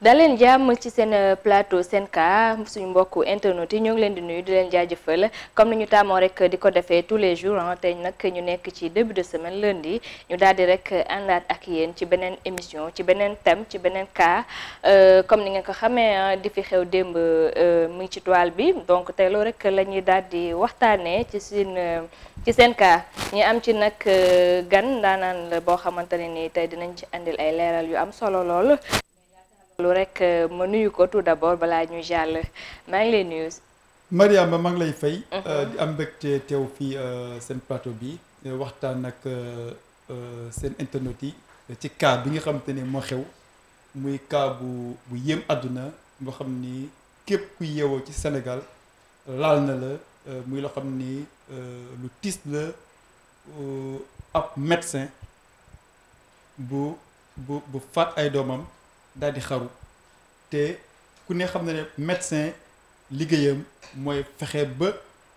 daleen jàmm ci seen euh, plateau seen ka suñu mbokk internet yi ñoo ngi leen di nuyu di leen jaajëfal comme ni ñu taamoo rek di ko defee tous les jours ah, tey nag ñu nekk ci début de semaine lundi ñu daal di rek àndaat ak yéen ci beneen émission ci beneen thème ci beneen cas euh, comme ni nga ko xamee ah, di fi xew démb euh, mu ci toile bi donc tey loolu rek la ñuy daal di waxtaanee ci seen ci seen cas ñi am ci nag gan daanaan la boo xamante ne ni tey dinañ ci indil ay leeral yu am solo lool. loolu rek euh, ma nuyu ko tout d'abord balaa ñuy jàll maa ngi lay nuyu. Mariama maa ngi lay fay. Mhm. Euh, di am mbégte teew fii euh, seen plateau bi waxtaan ak seen internet yi ci kaa bi nga xam te ne moo xew muy cas bu bu yéem àdduna boo xam ni képp ku yeewoo ci senegal laal na la muy loo xam ni lu tiis la ab médecin bu bu bu faat ay doomam. daal di xaru te ku ne xam na ne médecin liggéeyam mooy fexe ba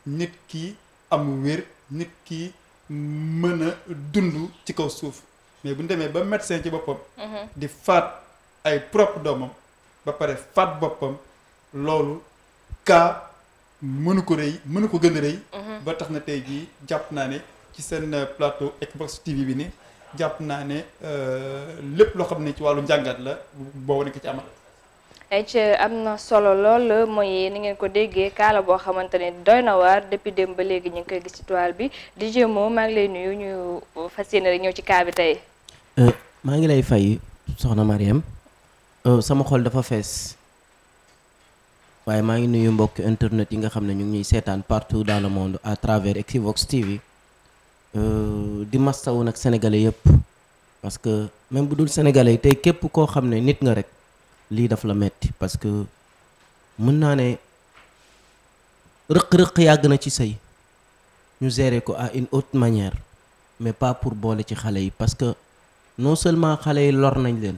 nit ki am wér nit ki mën a dund ci kaw suuf mais bu ñu demee ba médecin ci boppam. Mhm. di faat ay propre doomam ba pare faat boppam loolu kaa mënu ko rëy mënu ko gën a rëy. Mhm. ba tax na tey jii jàpp naa ne ci seen euh, plateau Equivox TV bi ne. jàpp naa ne euh, lépp loo xam ne ci wàllu njàngat la boobu nekk ci amal. ayca am na solo lool mooy ni ngeen ko déggee kaala boo xamante ne doy na waar depuis démb ba léegi ñu ngi koy gis ci toile bi di jéemoo maa ngi lay nuyu ñu fas yéene rek ñëw ci kaa bi tey. Euh, maa ngi lay fay soxna Mariam euh, sama xol dafa fees waaye maa ngi nuyu mbokk internet yi nga xam ne ñu ngi ñuy seetaan partout dans le monde à travers Equivox TV. Euh, di mastawu nag sénégalais yëpp parce que même bu dul sénégalais tey képp koo xam ne nit nga rek lii daf la metti parce que mën naa ne rëq-rëq yàgg na ci sëy ñu gérer ko ah une autre manière mais pas pour boole ci xale yi parce que non seulement xale yi lor nañ leen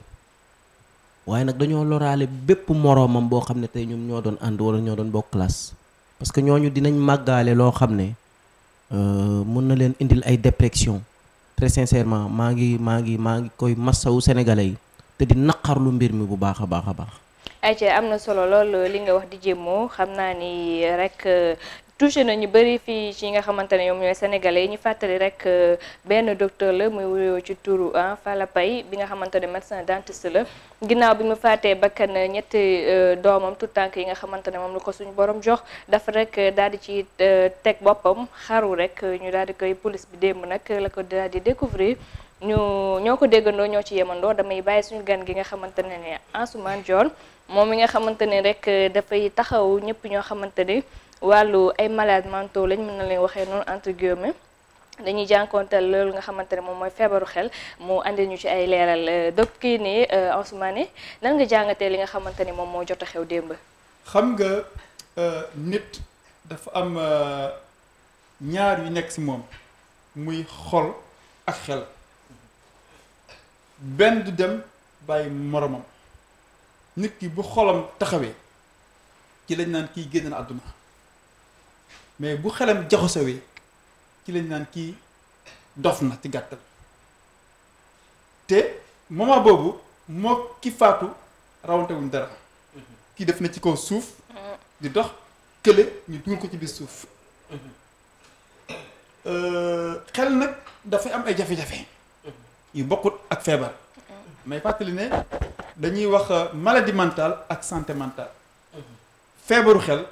waaye nag dañoo loraale bépp moroomam boo xam ne tey ñoom ñoo doon ànd walla ñoo doon bokk classe parce que ñooñu dinañ màggaale loo xam ne Euh, mën na leen indil ay dépression très sincèrement maa ngi maa ngi maa ngi koy massawu sénégalais yi te di naqarlu mbir mi bu baax a baax a baax. ayca am na solo lool li nga wax di jéemoo xam naa ni rek touché na ñu bëri fii ci nga xamante ne ñoom ñooy sénégalais ñu fàttali rek euh, benn docteur la muy wuyoo ci turu ah Falla Paye bi nga xamante ne médecin dentiste la ginnaaw bi mu faatee bakkan euh, ñetti euh, doomam tout tànk yi nga xamante ne moom la ko suñu borom jox dafa rek daal di ci teg boppam xaru rek ñu daal di koy police bi démb nag la ko daal di découvrir ñu ñoo ko déggandoo ñoo ci yemandoo damay bàyyi suñu gan gi nga xamante ne ne Ansoumane Dione moom mi nga xamante ne rek dafay taxaw ñëpp ñoo xamante ne wàllu ay malades mentaux lañ mën na leen waxee noonu entre guillemets dañuy jànkonteel loolu nga xamante ne moom mooy feebaru xel mu andi ñu ci ay leeral euh, donc kii nii euh, Ousmane nan nga jàngatee li nga xamante ni moom moo jot a xew nga euh, nit dafa am ñaar yu nekk moom muy xol ak xel benn du dem bàyyi moromam nit ki bu xolam taxawee ci lañ naan kiy génn àdduna. mais bu xelam jaxasowee ci lañ naan kii dof na ci gàttal te moment boobu moo ki faatu rawante wuñ dara kii def na ci kaw suuf di dox kële ñu dugal ko ci biir suuf euh, xel nag dafay am ay jafe-jafe yu bokkut ak feebar mais fàttali ne dañuy wax euh, maladie mentale ak santé mentale mhm. feebaru xel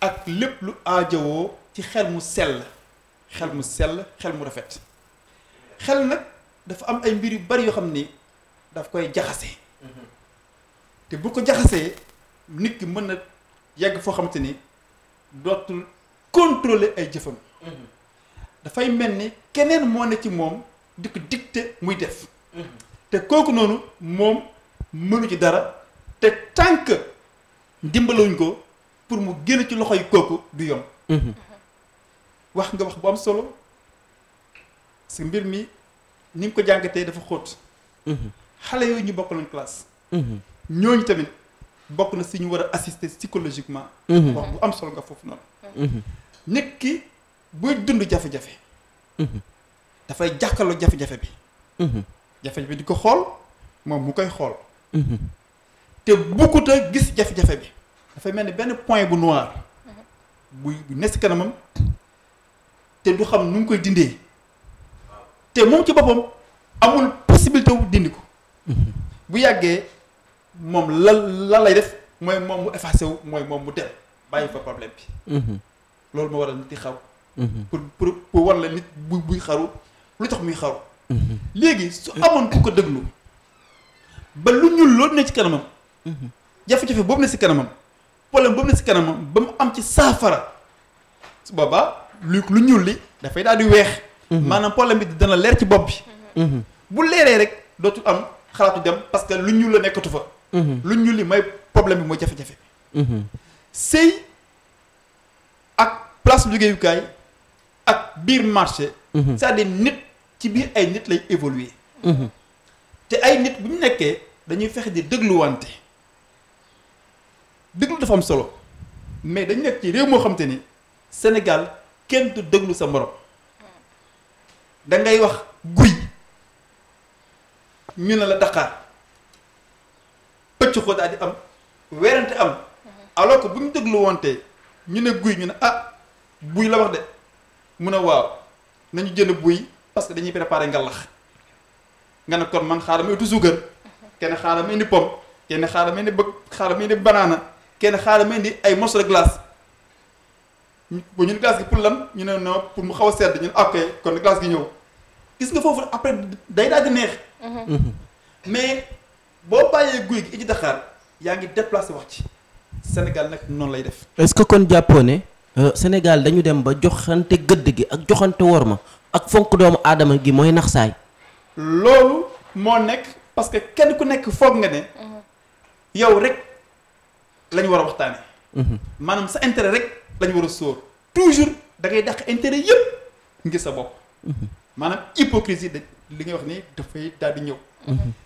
ak lépp lu aajowoo ci xel mu sell xel mu sell xel mu rafet xel nag dafa am ay mbir yu bari yoo xam ni daf koy jaxase te bu ko jaxasee nit ki mën na yegg foo xamante ni dootul contrôler ay jëfam dafay mel ni keneen moo ne ci moom di ko dicté muy def te kooku noonu moom mënu ci dara te tànk ndimbaluñ ko pour mu génn ci loxo yi kooku du yomb. Mhm. wax nga wax bu am solo parce mbir mi ni nga ko jàngatee dafa xóot. Mhm. xale yooyu ñu bokkaloon classe. Mhm. ñooñu tamit bokk na si ñu war a assister psychologiquement. wax bu am solo nga foofu noonu. nit ki buy dund jafe-jafe. dafay jàkkaarloo jafe-jafe bi. jafe-jafe di ko xool moom mu koy xool. te bukkut a gis jafe-jafe bi. dafay mel ni benn point bu noir buy bu ne si kanamam te du xam nu ngi koy dindee te moom ci boppam amul possibilité wu dindi ko bu yàggee moom lan lan lay def mooy moom mu effacé wu mooy moom mu dem bàyyi fa problème bi loolu moo waral nit di xaw pour pour pour war la nit bu buy xaru lu tax muy xaru léegi su amoon ku ko déglu ba lu ñuul loolu ne ci kanamam jafe-jafe boobu nekk si kanamam problème ba mu ne si kanamam ba mu am ci saafara su boobaa lu lu ñuul li dafay daal di weex. Mhm. maanaam problème bi dana leer ci bopp bi. Mhm. bu leeree rek dootul am xalaatu dem parce que lu ñuul la nekkatu fa. Mhm. lu ñuul li mooy problème bi mooy jafe-jafe. sëy ak place liggéeyukaay ak biir marché. cest à nit ci biir ay nit lay évoluer. te ay nit bu ñu nekkee dañuy fexe di dégluwante. déglu dafa am solo mais dañ nekk ci réew moo xam ni Sénégal kenn du déglu sa morom da ngay wax guy ñu ne la daqaar pëcc ko daal di am werante am alors que bu ñu déglu wante ñu ne guy ñu ne ah buy la wax de mun ne waaw nañu jënd buy parce que dañuy préparer ngalax nga ne kon man xaaral ma uti kenn xaaral ma indi pomme kenn xaaral ma indi bëgg xaaral ma indi banaana kenn xaaral ma indi ay morceau de glace ba ñun glace gi pour lan ñu ne non pour mu xaw a sedd ñun ok kon glace gi ñëw gis nga foofu après day daal di neex. Mhm. mais boo bàyyee guy gi ci Dakar yaa ngi déplacé wax ci Sénégal nag noonu lay def. est-ce que kon jàppoo ne euh, Sénégal dañu dem ba joxante gëdd gi ak joxante ma ak fonk doomu aadama gi mooy nax saay. loolu moo nekk parce que kenn ku nekk foog nga ne. Mhm. yow rek. la war a waxtaanee. maanaam sa intérêt rek la war a sóor toujours da ngay dàq intérêt yëpp ngir sa bopp. maanaam hypocrisie da li ngay wax ni dafay daal di ñëw.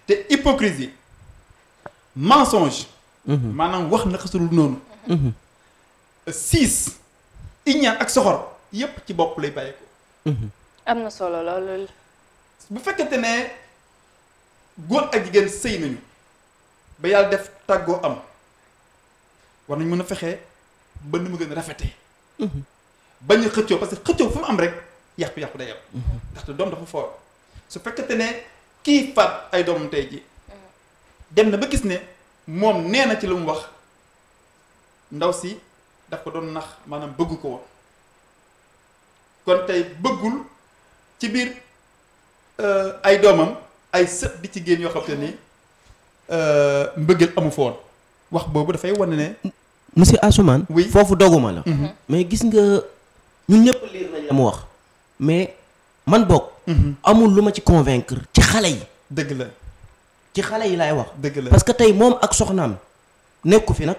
te hypocrisie mensonge. maanaam wax naka su noonu. siis iñaan ak soxor yëpp ci bopp lay bàyyi ko. am na solo loolu. bu fekkente ne góor ak jigéen sëy nañu ba yàlla def tàggoo am. war nañ mën a fexe ba nu mu gën a rafetee. Mhm. bañ xëccoo parce que xëccoo fu mu am rek yàqu-yàqu day am. Mhm. ndaxte doom dafa foor su fekkente ne kii faat ay doomam tey ji mhm. dem na ba gis ne moom nee na ci lu mu wax ndaw si daf ko doon nax maanaam bëgg ko woon kon tey bëggul ci biir euh, ay doomam ay sët di ci génn yoo xam te ni euh, mbëggeel amu foon. wax boobu dafay won ne. monsieur Assoumane. oui foofu doguma la. Mhm. mais gis nga ñun ñëpp liir nañ la mu wax. mais man boog. Mhm. amul lu ma ci convaincre ci xale yi. dëgg la ci xale yi laay wax. dëgg la parce que tey moom ak soxnaam nekku fi nag.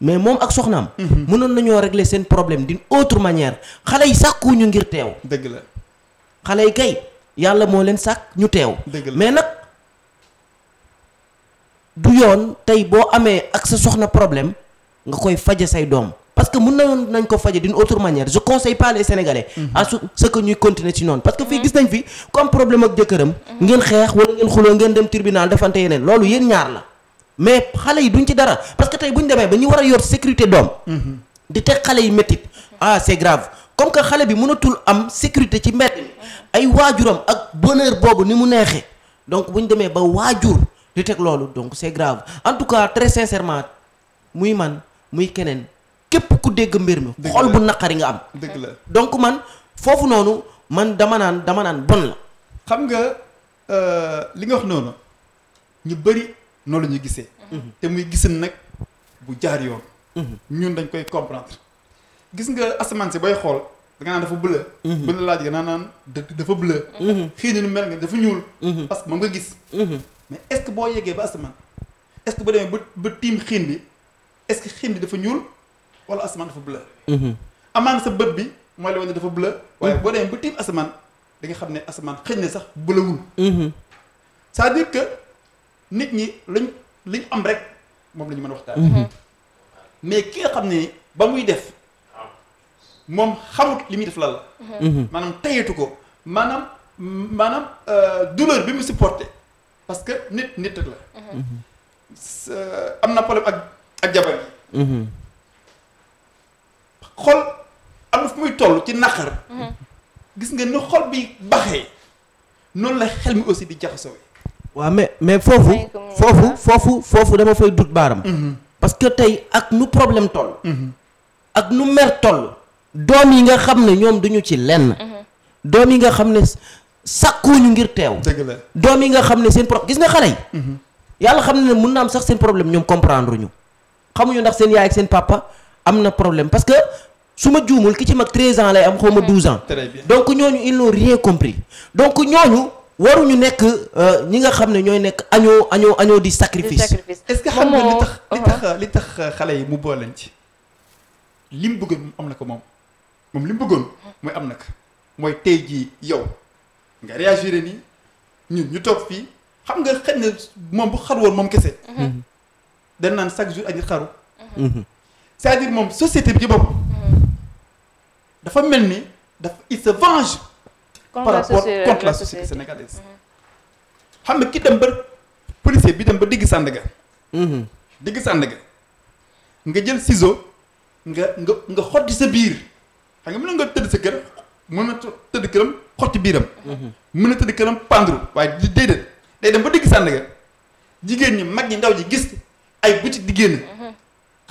mais moom ak soxnaam. Mhm. mënoon nañoo régler seen problème di otre manière xale yi sàkkuñu ngir teew. dëgg la xale yi kay yàlla moo leen sàkk ñu teew. mais nag. du yoon tey boo amee ak sa soxna problème nga koy faje say doom parce que mun na nañu nañ ko faje d'une autre manière je conseille pas les sénégalais mhm. à ce que ñuy continuer ci noonu parce que fii gis nañ fi ku am problème ak jëkkëram mhm. ngeen xeex wala ngeen xuloo ngeen dem tribunal defante yeneen loolu yéen ñaar la mais xale yi duñ ci dara parce que tey bu demee ba ñu war a yor sécurité doom mhm. di teg xale yi métit ah c'est grave comme que xale bi mënatul am sécurité ci mbedd ay waajuram ak bonheur boobu ni mu neexee donc bu ñu demee ba waajur di teg loolu donc c'est grave en tout cas très sincèrement muy man muy keneen képp ku dégg mbir mi. xol bu naqari nga am. dëgg la donc man foofu noonu man dama naan dama naan bon la. xam nga euh, li nga wax noonu ñu bëri noonu la ñu gisee. Mhm. te muy gisin nag bu jaar yoon. Mhm. ñun dañ koy comprendre. gis nga asamaan si booy xool. da nga naan dafa bleu. bu la laajee naan naan dafa bleu. Mhm. xëy na nu mel nga dafa ñuul. Mhm. parce que moom nga gis. Mhm. mais est ce que boo yeggee ba asamaan est ce que ba demee ba tiim xiin bi est ce que xiin bi dafa ñuul wala asamaan dafa bleu. amaan sa bët bi mooy la woon ne dafa bleu. waaye boo demee ba tiim asamaan da nga xam ne asamaan xëy na sax bleuwul. cest dire que nit ñi lañ liñ am rek moom la mën a waxtaan. mais ki nga xam ne ba muy def. moom xamut li muy def lan la. Mhm. maanaam tayatu ko maanaam maanaam euh, douleur bi mu supporté parce que nit nit rek la. Mhm. Euh, am na problème ak ak jabar yi. Mhm. xol am na fu muy toll ci naqar. gis nga ni xol bi baxee noonu la xel mi aussi bi jaxasoo. waa mais mais foofu. foofu foofu foofu dama fay dut baaram. parce que tey ak nu problème toll. ak nu mer toll. doom yi nga xam ne ñoom duñu ci lenn. Mhm. doom yi nga xam ne ñu ngir teew. dëgg la doom yi nga xam ne seen pro gis nga xale yi. Mhm. yàlla xam ne mun na am sax seen problème ñoom comprendre ñu. xamuñu ndax seen yaay ak seen papa am na problème parce que su ma juumul ki ci mag 13 ans lay am xaw ma 12 mhm. ans. donc ñooñu ils n'ont rien compris donc ñooñu. waruñu nekk euh, ñi nga xam ne ñooy nekk añoo añoo añoo di sacrifice est-ce que xam nga li uh-huh. tax li tax xale yi mu booleñ ci lim am na ko moom moom li bëggoon mooy am nag mooy tey jii yow nga réagir nii ñun ñu toog fii xam nga xëy na moom bu xar woon moom kese. Mhm. dañ naan chaque jour aji xaru. Mhm. Mhm. c'est-à-dire moom société bi ci bopp dafa mel ni daf il se venge. par rapport société xam nga ki dem ba policier bi dem ba digg Sandaga. digg Sandaga nga jël ciseau nga nga nga xotti sa biir. xam nga mën nga tëdd sa kër mën na tëdd këram xocc biiram. mën na tëdd këram pandru waaye di déedéet day dem ba digg sànn ga jigéen ñi mag ñi ndaw ji gis ay butit di génn.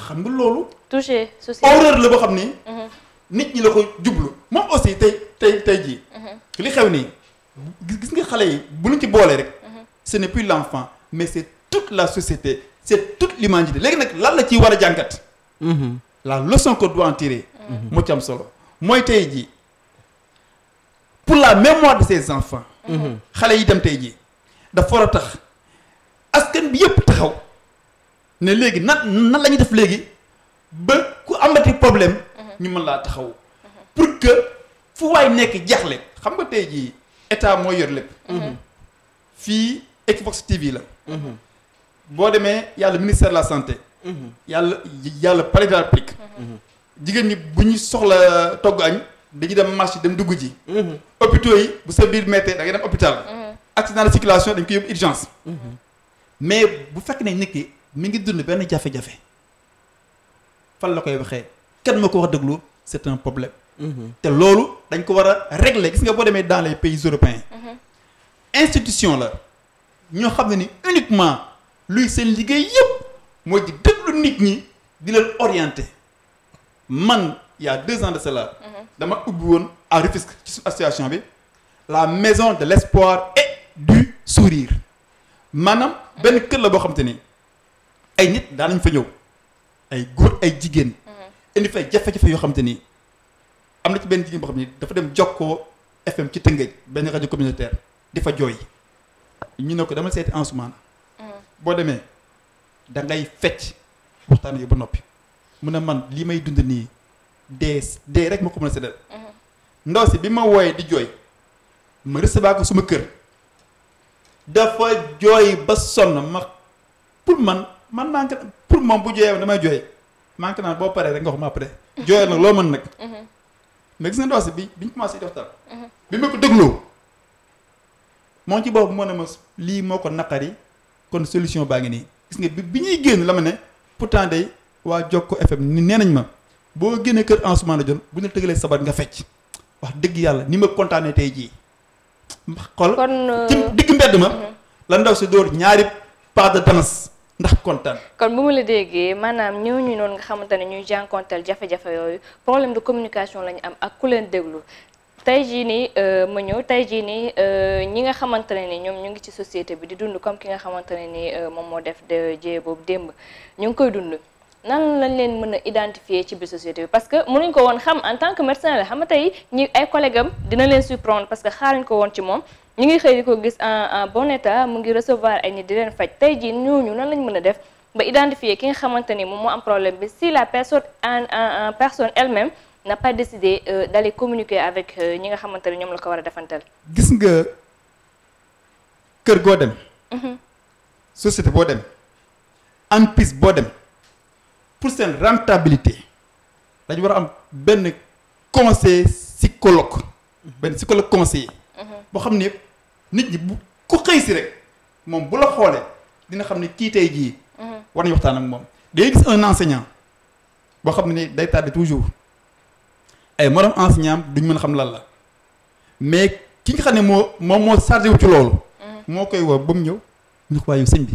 xam nga loolu. touché société horreur la boo xam ni. Mhm. nit ñi la ko jublu moom aussi tey tey tey jii. Mhm. li xew nii gis nga xale yi bu ñu ci boolee rek. Mhm. ce n'est plus l'enfant mais c'est toute la société c'est toute l'humanité léegi nag lan la ci war a jàngat. la leçon qu'on doit en tirer. moo ci solo. mooy tey jii pour la mémoire de ses enfants. Mhm. xale yi dem tey jii dafa war a tax askan bi yëpp taxaw ne léegi nan nan la ñuy def léegi ba ku am amati problème. Mhm. ñu mën laa taxaw mhm. pour que fu waay nekk jaaxle xam nga tey jii état mooy yor lépp. fii Equivox TV la. boo demee yàlla ministère la santé. yàlla yàlla palais de jigéen ñi bu ñu soxla togg añ dañuy dem marché dem dugg ji. Mhm. hôpitaux yi bu sa biir méttee da ngay dem hôpital. Mhm. accident de circulation dañ koy yóbbu urgence. Mhm. mais bu fekk ne nit ki mi ngi dund benn jafe-jafe fan la koy waxee kenn ma ko wax déglu c'est un problème. te loolu dañ ko war a régler gis nga boo demee dans les pays européens. institution la ñoo xam ne ni uniquement luy seen liggéey yëpp mooy di déglu nit ñi di leen orienter. man il y a deux ans de cela. dama ubbi woon à Rufisque ci suñu association bi la maison de l'espoir et du sourire maanaam benn kër la boo xam te ni ay nit daanañ fa ñëw ay góor ay jigéen. Mm-hmm. indi fay jafe-jafe yoo xam te ni am na ci benn jigéen boo xam ni dafa dem Jokkoo FM ci Tëngéej benn rajo communautaire di fa jooy ñu ne ko dama seeti Ansoumana mm-hmm. boo demee da fecc waxtaan yi ba noppi. mu ne man li may dund nii dee dee rek ma ko mën a séddal mhm. ndaw si bi ma wooyee di jooy ma recevoir ko suma kër dafa jooy ba sonn ma pour man man naa pour moom bu jooyee damay jooy maa ngi naan boo rek nga wax ma après mhm. jooyal loo mën nag mhm. mais gis nga ndaw si bi biñ commencé di waxtaan bi ma ko dégloo moom ci boobu moo ne ma lii moo ko naqari kon solution baa ngi nii gis nga bi bi ñuy génn la ma ne pourtant day waa Jokko FM ni nee nañ ma boo génnee kër Ansoumana Dione bu ñu la tëgalee sabar nga fecc wax dëgg yàlla ni ma kontaanee tey jii. xol euh, ci digg mbedd ma. Mhm. la ndaw si dóor ñaari pas de danse ndax kontaan. kon bu ma la déggee maanaam ñëw ñu noonu nga xamante ne ñuy jànkonteel jafe-jafe yooyu problème de communication la am ak ku leen déglu. tey jii nii euh, ma ñëw tey jii nii euh, ñi nga xamante ne ni ñoom ñu ngi ci société bi di dund comme ki nga xamante ne ni moom moo def de boobu démb ñu ngi koy dund nan lañ leen mën a identifier ci biir société bi parce que mënuñ ko woon xam en tant que médecin la xam nga tey ñi ay collègue am dina leen surprendre parce que xaaruñ ko woon ci moom ñu ngi xëy di ko gis en en bon état mu ngi recevoir ay nit di leen faj tey jii ñooñu nan lañ mën a def ba identifier ki nga xamante ni moom moo am problème bi si la personne en en personne elle-même n'a pas décidé euh, d'aller communiquer avec euh, ñi nga xamante ne ñoom la ko war a defantal. gis nga kër goo dem. Mhm. société pour seen rentabilité dañu war a am benn conseil psychologue benn psychologue conseiller mhm. boo xam ne nit ñi bu ku xëy si rek moom bu la xoolee dina xam ne kii tey jii mhm. war nañu waxtaan ak moom day gis un enseignant boo xam ne day tardé toujours ay morom enseignant duñ mën a xam lal la mais ki nga xam ne moo moom moo chargé wu ci loolu mhm. moo koy woo ba mu ñëw ñu ko waayu sëñ bi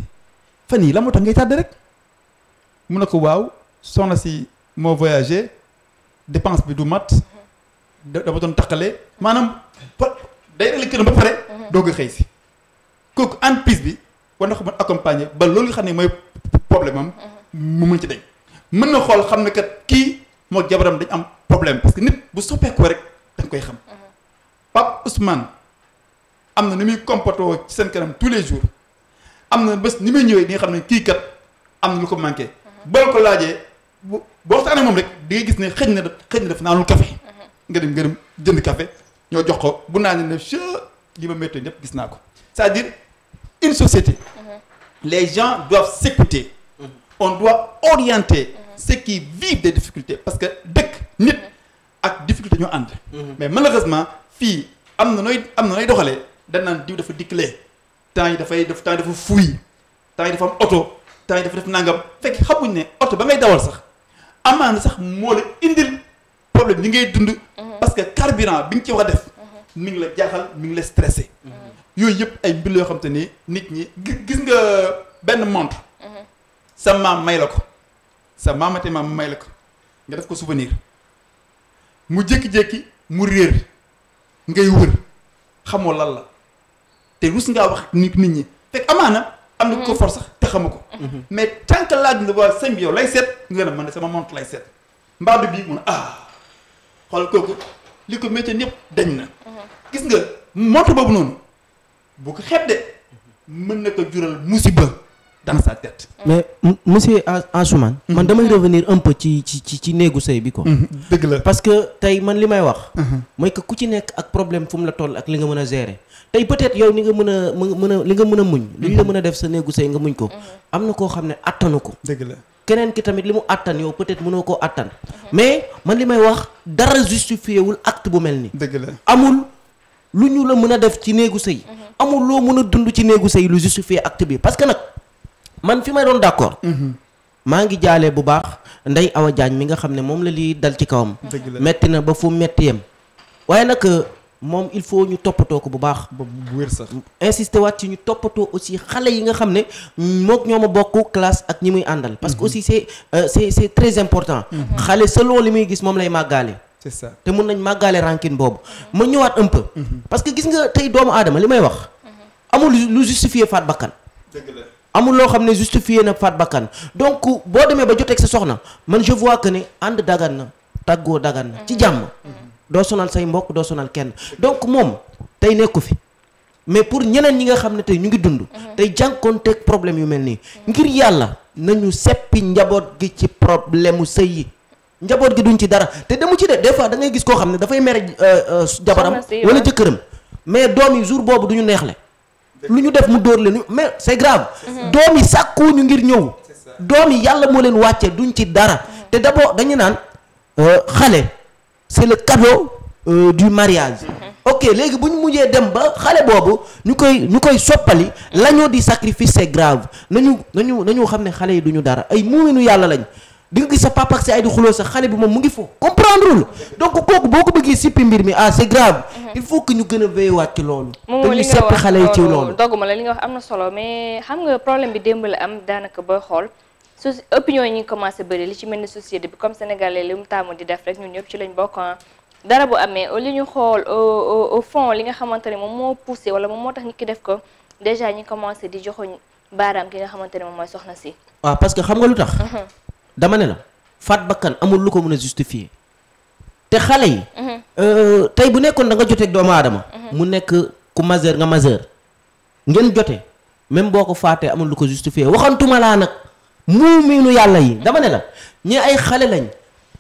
fan yi la moo tax ngay tardé rek mu ne ko waaw soxna si moo voyagé dépense bi du mat dama doon taqale maanaam day ëllëg këram ba pare mhm. doog a xëy si kooku entreprise bi war na ko mën accompagner ba loolu nga xam ne mooy problème am mhm. mu mën ci dañ mën na xool xam ne kat kii moo jabaram dañ am problème parce que nit bu soppeeku rek da koy xam mhm. Pape Ousmane am na ni muy comportoo ci seen këram tous les jours am na bés ni muy ñëwee di nga xam ne kii kat am na lu ko manqué boo ko laajee bu boo waxtaanee moom rek di ngay gis ne xëj na def xëj def naanul café mhm. nga dem nga dem jënd café ñoo jox ko bu naa ne che li ma méttee ñëpp gis naa ko c'est-à-dire une société mhm. les gens doivent s'écouter mhm. on doit orienter ceux qui des difficultés parce que dëkk nit ak difficulté ñoo ànd mais malheureusement fii am na nooy am na nooy doxale danaan diw dafa dikkalee temps yi dafay def temps yi dafa fuuy temps yi dafa am oto temps yi dafa def nangam fekk xamuñ ne oto ba ngay dawal sax amaana sax moo la indil problème yi ngay dund. Mhm. parce que carburant bi nga ci wax def. Mhm. mi ngi la jaaxal mu ngi la stressé. Mhm. yooyu yëpp ay mbir yoo xam te ni nit ñi gis nga benn montre. sa maam may la ko sa maamate maam may la ko nga def ko souvenir mu jékki-jékki mu réer ngay wër xamoo lan la te rus ngaa wax nit nit ñi fekk amaana. am na ko for sax. xamu ko mais tant que laaj a waa sëñ bi yow lay seet nga ne man sama montre lay seet mbaadu bii mun ah xool kooku li ko métier ñëpp dañ na gis nga montre boobu noonu bu ko xeeb de mën na jural musiba dans sa tête. mais monsieur Ansoumane. Mhm. man damay revenir un ci ci néegu sëy bi ko mhm. dëgg la parce que tey man li may wax. Mhm. mooy que ku ci nekk ak problème fu mu la toll ak li nga mën a gérer tey peut-être yow ni nga mën a mën a li nga mën a muñ. li nga mën a def sa néegu sëy nga muñ ko. am na koo xam ne attanu ko. dëgg la keneen ki tamit li mu attan yow peut-être mënoo koo attan. mais man li may wax dara justifié wul acte bu mel ni dëgg la amul lu ñu la mën a def ci néegu sëy amul loo mën a dund ci man fi may doon d'accord mhm. maa ngi jaalee bu baax Ndeye Awa Diagne mi nga xam ne moom la lii dal ci kawam metti na ba fu metti yem waaye nag euh, moom il faut ñu toppatoo ko bu baax bu wér sax insister waat ci ñu toppatoo aussi xale yi nga xam ne mook ñoo ma bokk classe ak ñi muy àndal parce que mhm. aussi c'est euh, c'est c'est très important mhm. xale selon li muy gis moom lay màggaale c'est te mun nañ màggaale rancune boobu ma ñëwaat un peu parce que gis nga tey doomu aadama li may wax amul lu justifier bakkan amul loo xam ne justifié na faat bakkan donc boo demee ba joteeg sa soxna man je vois que ne ànd dagan na tàggoo dagan na ci mm-hmm. jàmm mm-hmm. doo sonal say mbokk doo sonal kenn donc moom tey nekku fi mais pour ñeneen ñi nga xam ne tey ñu ngi dund mm-hmm. tey jànkoonteeg problème yu mel nii ngir yàlla na ñu seppi njaboot gi ci problème mu sëy yi njaboot gi duñ ci dara te demu ci de des fois da ngay gis koo xam ne dafay mere euh, euh, jabaram wala jëkkëram mais doom yi jour boobu duñu neexle lu ñu def mu dóor leen mais c'est grave. Mhm. doom yi sàkkoo ñu ngir ñëw. doom yi yàlla moo leen wàcce duñ ci dara. Mhm. te d'abord dañu naan euh, xale c'est le cadeau euh, du mariage. Mhm. ok léegi bu ñu mujjee dem ba xale boobu ñu koy ñu koy soppali lañoo di sacrifice c'est grave nañu nañu nañu xam ne xale yi duñu dara ay muuminu yàlla lañ. di nga gis sa papa ak ay di xuloo sa xale bi moom mu ngi foofu comprendre donc kooku boo ko bëggee sippi mbir mi ah c'est grave mhm. il faut que ñu gën a veyewaat ci loolu te li nga wax am na solo mais xam nga problème bi démb la am booy xool su opinion yi ñu commencé bëri li ci mel ni société bi comme sénégalais li mu taamu di def rek ñun ñëpp ci lañ bokk ah. dara bu amee au lieu ñu xool au li nga xamante ne moom moo poussé wala moo tax nit ki def ko déjà ñi commencé di joxoñ baaraam ki nga xamante ne moom mooy soxna si waaw ah, parce xam nga lu tax mhm. dama ne la faat bakkan amul lu ko mën a justifier te xale yi. Mhm. Euh, tey bu nekkoon da nga joteeg doomu aadama. Mhm. mu nekk ku majeur nga majeur ngeen jote même boo ko faatee amul lu ko justifier waxantuma laa nag muumiinu yàlla yi dama ne la ñi ay xale lañ.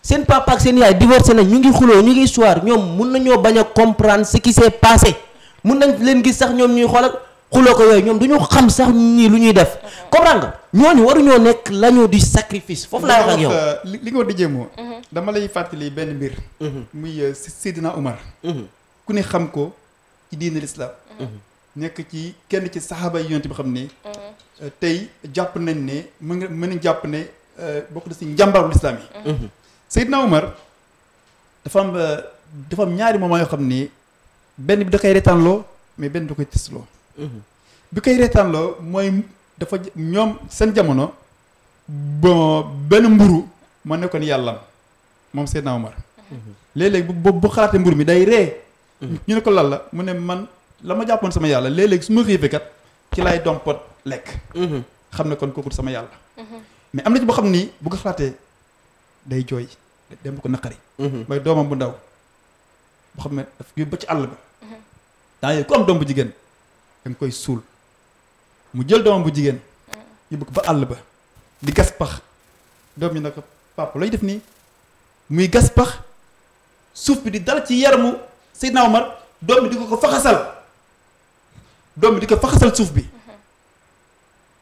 seen papa ak seen yaay divorcé nañ ñu ngi xuloo ñu ngi histoire ñoom mun nañoo bañ a comprendre ce qui s'est passé mun nañ leen gis sax ñoom ñuy xoolal xuloo ko yooyu ñoom du ñu xam sax nii lu ñuy def. comprendre nga ñooñu waruñoo nekk lañu di sacrifice foofu laa wax euh, li li nga wax di jéemoo. Mhm. dama lay fàttali benn mbir. Mhm. muy euh, Seydina Omar. Mhm. ku ne xam ko ci diine nekk ci kenn ci saxaaba yi yonent bi xam ne. Euh, tey jàpp nañ ne mën nga mën jàpp ne bokk na si njàmbaaru lislaam yi. Seydina Omar am dafa am ñaari moment yoo xam ne benn bi da koy reetaanloo mais benn da koy tisloo. Mhm. bi koy reetaanloo mooy dafa ñoom seen jamono bon benn mburu ma nekkoon yàllam moom Seydina Omar mhm. léeg-léeg bu bu xalaatee mburu mi day ree mhm. ñu ne ko lan la mu ne man la ma jàppoon sama yàlla léeg-léeg su ma xiifee ci lay dompat lekk xam ne kon kooku sama yàlla mais am na ci boo xam nii bu ko xalaatee day jooy dem ko naqari mooy doomam bu ndaw boo xam ne daf ba ci àll ba temps yooyu ku am doom jigéen da nga koy suul mu jël doomam bu jigéen mm. yóbbu ko ba àll ba di gas pax doom ñu ne ko papa looy def nii muy gas pax suuf bi di dal ci yaramu Seydina Omar doom di ko ko faxasal doom bi di ko faxasal suuf bi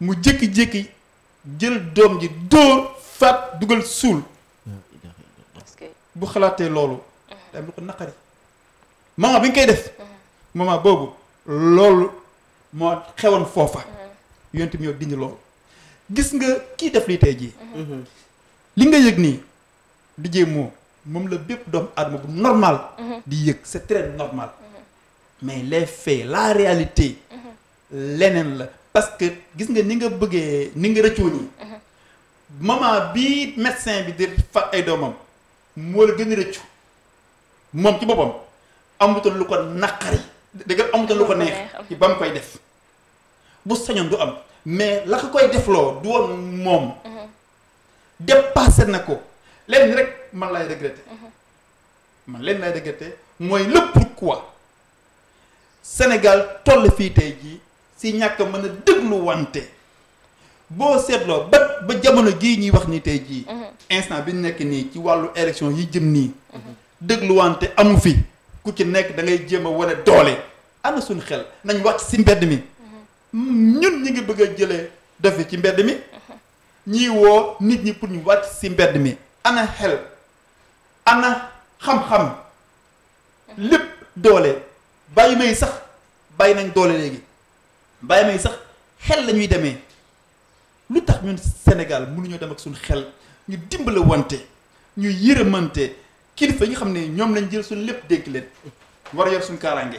mu jékki-jékki jël doom ji dóor faat dugal suul bu xalaatee loolu mm-hmm. day am ko naqari maman bi nga koy def mm-hmm. maman boobu loolu moo xewoon foofa mm-hmm. yonent bi ñoo dindi loolu gis nga kii def lii tey jii mm-hmm. Mm-hmm. li nga yëg nii di jee moo moom la bépp doom aadama bu normal di yëg c'est très normal mais les faits la réalité leneen la parce que gis nga ni nga bëggee ni nga rëccoo nii moment bii médecin bi di fat ay doomam moo la gën a rëccu moom ci boppam amutoon lu ko naqari dëgg amutoon lu ko neex ci ba mu koy def bu sañoon du am mais la ko koy defloo du woon moom. dépassé na ko lenn rek man lay regretté. man lenn lay regretté mooy le pourquoi Sénégal toll fii tey jii si ñàkk mën a déglu wante boo seetloo ba ba jamono jii ñuy wax ni tey jii. instant bi ñu nekk nii ci wàllu élection yi jëm nii. dégluwante amu fi ku ci nekk dangay ngay jéem a wane doole. ana suñu xel nañ wax ci si mbedd mi. ñun ñu ngi bëgg a jëlee defe ci mbedd mi ñii woo nit ñi pour ñu wàcc si mbedd mi ana xel ana xam-xam lépp doole bàyyi may sax bàyyi nañ doole léegi bàyyi may sax xel la ñuy demee lu tax ñun Sénégal mënuñoo dem ak suñ xel ñu dimbale wante ñu yërëmante kilifa yi nga xam ne ñoom lañ jël suñ lépp dégg leen war a yor suñu kaaraange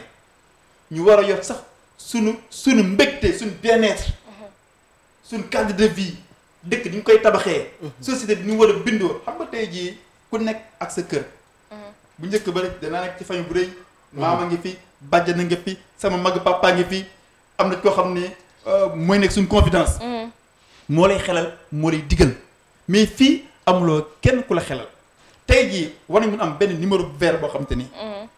ñu war a yor sax sunu sunu mbégte sunu bien-être sunu cadre de vie dëkk ni ñu koy tabaxee. société bi ñu war a bindoo xam nga tey jii ku nekk ak sa kër. bu njëkk ba rek danaa nekk ci famille bu rëy. a ngi fi na nga fi sama mag papa ngi fi am na koo xam ne euh, mooy nekk suñu confidence. moo lay xelal moo lay digal mais fii amuloo kenn ku la xelal tey jii war nañ mun am benn numéro vert boo xam te ni. Mm.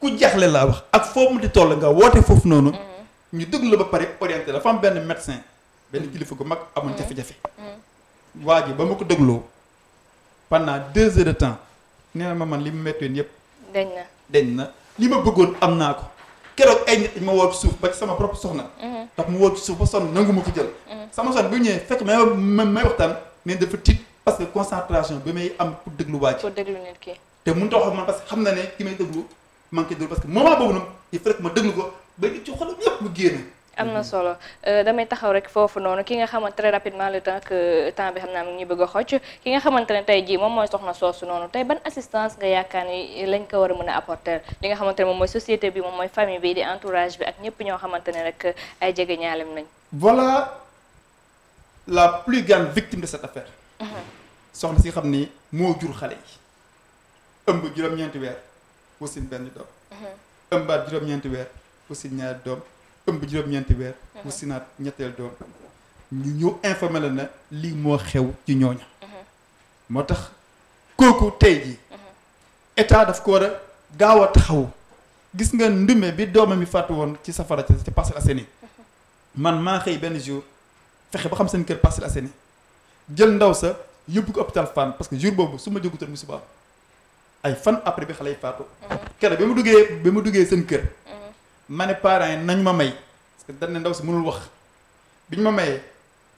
ku jaxle laa wax ak foo mu di toll nga woote foofu noonu. Mm. ñu déglu la ba pare orienté la dafa am benn médecin benn kilifa gu mag amoon mm. jafe-jafe. Mm. waa ji ba ma ko dégloo pendant deux heures de temps nee ma man li mu méttoon yëpp. dañ na dañ na li ma bëggoon am naa ko keroog ay nit ma woo ci suuf ba ci sama propre soxna. ndax mm-hmm. mu woo ci suuf ba sonn nangu ma ko jël. Mm. sama soxna bu ñëwee fekk may may waxtaan mais dafa tiit parce que concentration bi may am pour déglu waa ji. pour déglu te a wax man parce que xam na ne ki may déglu man koy déglu que moment boobu nag il ma déglu ko. ba am na solo euh, damay taxaw rek foofu noonu ki nga xamante très rapidement le temps que euh, temps bi xam ki nga xamante ne tey jii moom mooy soxna soosu noonu tey ban assistance nga yaakaar ni lañ ko war a mën a apporter li nga xamante ne moom mooy société bi moom mooy famille bi di ak ñëpp ñoo xamante ne rek euh, ay jege ñaalem nañ. voilà la plus grande de cette affaire. Mhm. soxna si xam ni moo jur xale yi. ëmb juróom-ñeenti weer wasin benn doom. Mhm. ëmbaat juróom-ñeenti weer. aussi ñaari doom ëmb juróom-ñeenti weer. aussi uh-huh. naat ñetteel doom. ñu ñëw informé la na lii moo xew ci ñooña uh-huh. moo tax kooku tey jii. Uh-huh. état daf koo war a gaaw a taxawu. gis nga ndume bi doomam mi fàttu woon ci safara ci Parcelles Assainies man maa xëy benn jour fexe ba xam seen kër Parcelles Assainies jël ndaw sa yóbbu ko hôpital Fann parce que jour boobu su ma jógutoon musiba ay fan après bi xale yi faatu. keroog bi mu duggee bi mu duggee seen kër. ma ne parents yi nañ ma may parce que dañ ndaw si mënul wax bi ma mayee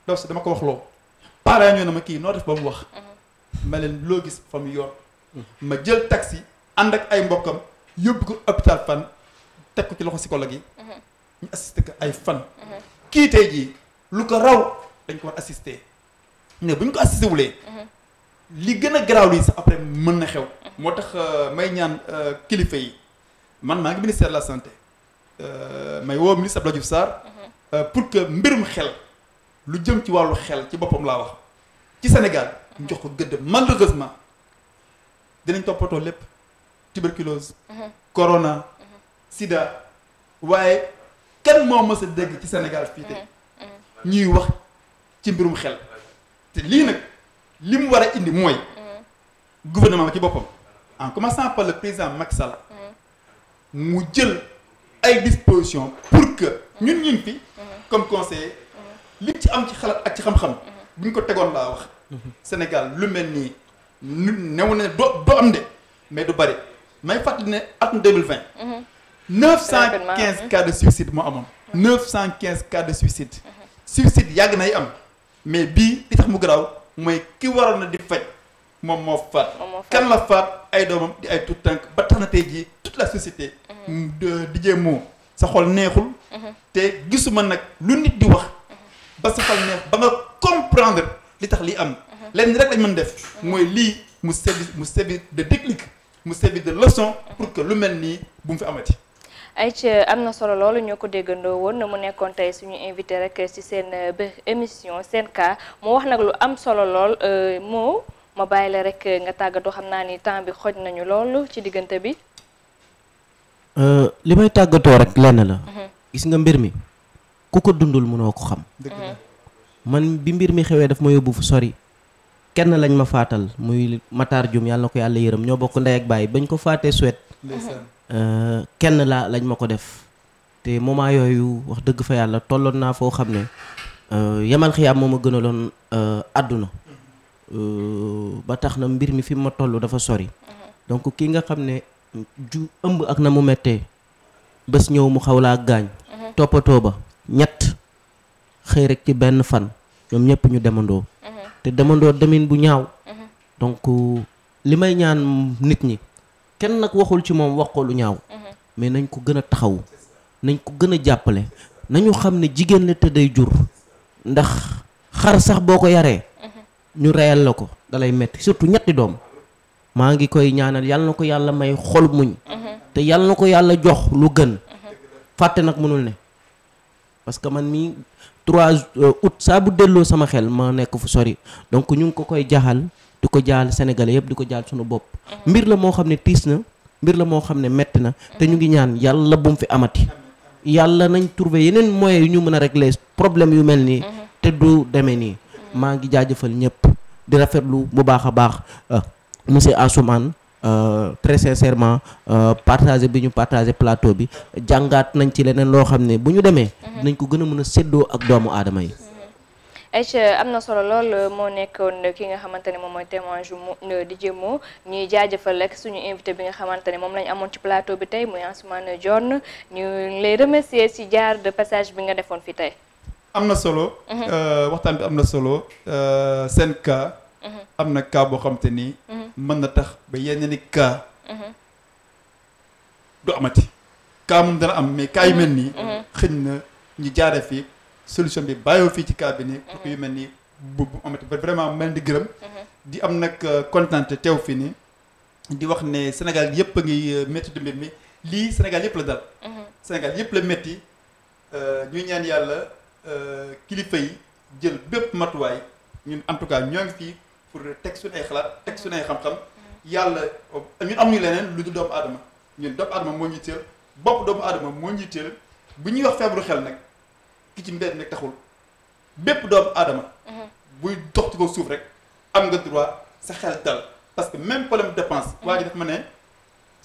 ndaw si dama ko wax loo parents ñoo ne ma kii noo def ba mu wax mhm. ma leen loo gis fa mu yor mhm. ma jël taxi ànd ak ay mbokkam yóbbu ko hôpital fan teg ko ci loxo psychologue yi mhm. ñu assisté ko ay fan kii tey jii lu ko raw dañ ko war assisté ne bu ñu ko assisté li gën a garaaw lii sax après mën na xew moo tax euh, may ñaan euh, kilifa yi man maa ngi ministère de la santé Euh, may woo ministre Abdoulaye Diouf Sarr uh-huh. euh, pour que mbirum xel lu jëm ci wàllu xel ci boppam laa wax ci Sénégal ñu jox ko gëdd malheureusement dinañ toppatoo lépp tuberculose uh-huh. corona uh-huh. sida waaye kenn moo mës dégg ci Sénégal fii tey ñuy wax ci mbirum xel te lii nag li mu war a indi mooy gouvernement bi ci boppam en commençant par le président Macky Sall mu jël ay dispositions pour que ñun ñun fi mhm. comme conseiller li ci am ci xalaat ak ci xam-xam mhm. bu ñu ko tegoon laa wax Sénégal lu mel nii new na do do am de mais du bëri may fàttali ne atum 2020 mhm. neuf cent quinze cas de suicide moo amoon neuf cent quinze cas de suicide suicide yàgg nay am mais bii li mu garaaw mooy ki waroon na di faj moom moo faat kan la faat ay doomam di ay tout tànk ba tax na tey jii toute la société mhm. mm, dijee moo sa xol neexul mhm. te gisuma nag lu nit di wax mhm. ba sa xol neex ba nga comprendre li tax li am lenn rek lañ mën def mooy lii mu service mu service de déclic mu service de leçon pour que lu mel nii bu mu fi amati ayca am na solo loolu ñoo ko déggandoo woon na mu nekkoon tey suñu invité rek ci seen euh, émission seen cas mu wax nag lu am solo lool euh, moo ma bàyyi la rek nga tàggatoo xam naa ni temps bi xoj nañu lool ci diggante bi. Euh, li may tàggatoo rek lenn la. Mhm. gis nga mbir mi ku ko dundul mënoo ko xam. Mhm. man bi mbir mi xewee daf ma yóbbu fu sori. kenn lañ ma faatal muy Matar Jum yàlla ko yàlla yërëm ñoo bokk ndey ak baay bañ ko faatee Suède. Euh, kenn laa lañ ma ko def. te moment yooyu wax dëgg fa yàlla tolloon naa foo xam ne. Euh, yamal xiyaam moo ma gënaloon àdduna. ba tax na mbir mi fi ma toll dafa sori donc kii nga xam ne ju ëmb ak na mu mettee bés ñëw mu xaw laa gaañ toppatoo ba ñett xëy rek ci benn fan ñoom ñëpp ñu demandoo te demandoo demin bu ñaaw donc li may ñaan nit ñi kenn nag waxul ci moom wax ko lu ñaaw mais nañ ko gën a taxawu nañ ko gën a jàppale nañu xam ne jigéen la te jur ndax xar sax boo ko yaree ñu reyal la ko dalay metti surtout ñetti doom maa ngi koy ñaanal yàlla na ko yàlla may xol muñ te yàlla na ko yàlla jox lu gën fàtte nag mënul ne parce que man mii trois euh, août saa bu delloo sama xel ma nekk fu sori donc ñu ngi ko koy jaxal di ko jaal sénégalais yëpp di ko jaal sunu bopp mbir la moo xam ne tiis na mbir la moo xam ne metti na te ñu ngi ñaan yàlla bu mu fi amati yàlla nañ trouver yeneen moyens yu ñu mën a rek régler problème yu mel nii te du demee nii maa ngi jaajëfal ñëpp di rafetlu bu baax a baax euh, monsieur Assoumane euh, très sincèrement euh, partage bi ñu partagé plateau bi jàngaat nañ ci leneen loo xam ne bu ñu demee. dinañ mhm. ko gën a mën a seddoo ak doomu aadama yi. Mhm. Aïcha am na solo lool moo nekkoon ki nga xamante ne moom mooy témoignage mu di jëmmoo ñuy jaajëfal rek suñu invité bi nga xamante ne moom lañ amoon ci plateau bi tey muy Ansoumana Dione ñu lay remercier ci jaar de passage bi nga defoon fi tey. am na solo. Mhm. Euh, waxtaan bi am na solo euh, seen cas. Mhm. am na cas boo xam te ni. Mhm. mën na tax ba yenn ni kaa du amati. cas moom dana am mais cas yu mel nii. xëñ na ñu jaare fii solution bi bàyyoo fii ci cas bi nii. pour yu mel nii bu bu amati ba vraiment mel di gërëm. di am nag euh, kontaan teew fii nii. di wax ne senegal yëpp a ngi métti du mi lii Sénégal yëpp la dal. Sénégal yëpp la métti ñuy ñaan yàlla. Euh, kilifa yi jël bépp matuwaay ñun en tout cas ñoo ngi fii pour teg suñu ay xalaat teg suñu ay xam-xam yàlla ñun amuñu leneen lu dul doomu aadama ñun doomu aadama moo ñuy teel bopp doomu adama moo ñuy teel bu ñuy wax feebru xel nag ki ci mbedd nag taxul bépp doomu adama mhm. buy dox ci ko suuf rek am nga droit sa xel dal parce que même problème dépense. Mhm. waa ji daf ma ne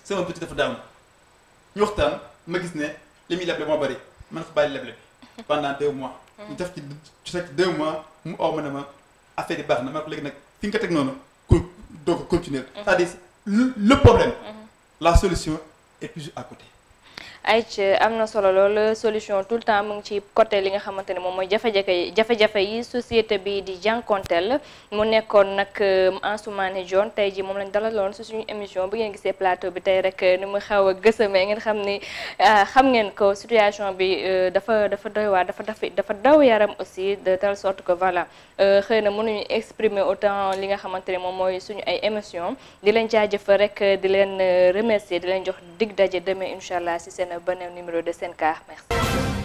sama petit dafa daanu ñu waxtaan ma gis ne li muy leble moo bari man fa bàyyi leble. pendant deux mois. ñu def ci ci deux mois mu oo ma ne ma affaire yi baax na ma ko léegi nag fi nga teg noonu pour doo continuer. Mhm. c'est-à-dire le problème. Mhm. la solution est toujours à côté. ay ci am na solo lool solution tout le temps mu ngi ci côté li nga xamante ne moom mooy jafe-jafe jafe yi société bi di jànkonteel mu nekkoon nag euh, Ansoumana Dione tey ji moom lañ dalaloon si suñu émission bu ngeen gisee plateau bi tey rek euh, ni mu xew a gësamee ngeen xam ni euh, xam ngeen ko situation bi dafa dafa doy waar dafa daf dafa daw yaram aussi de telle sorte que voilà xëy na mënuñu exprimer autant li nga xamante ne moom mooy suñu ay émission di leen jaajëfal rek di leen remercier di leen jox dig daje demee incha allah si benn beneen numéro de Sen Cas merci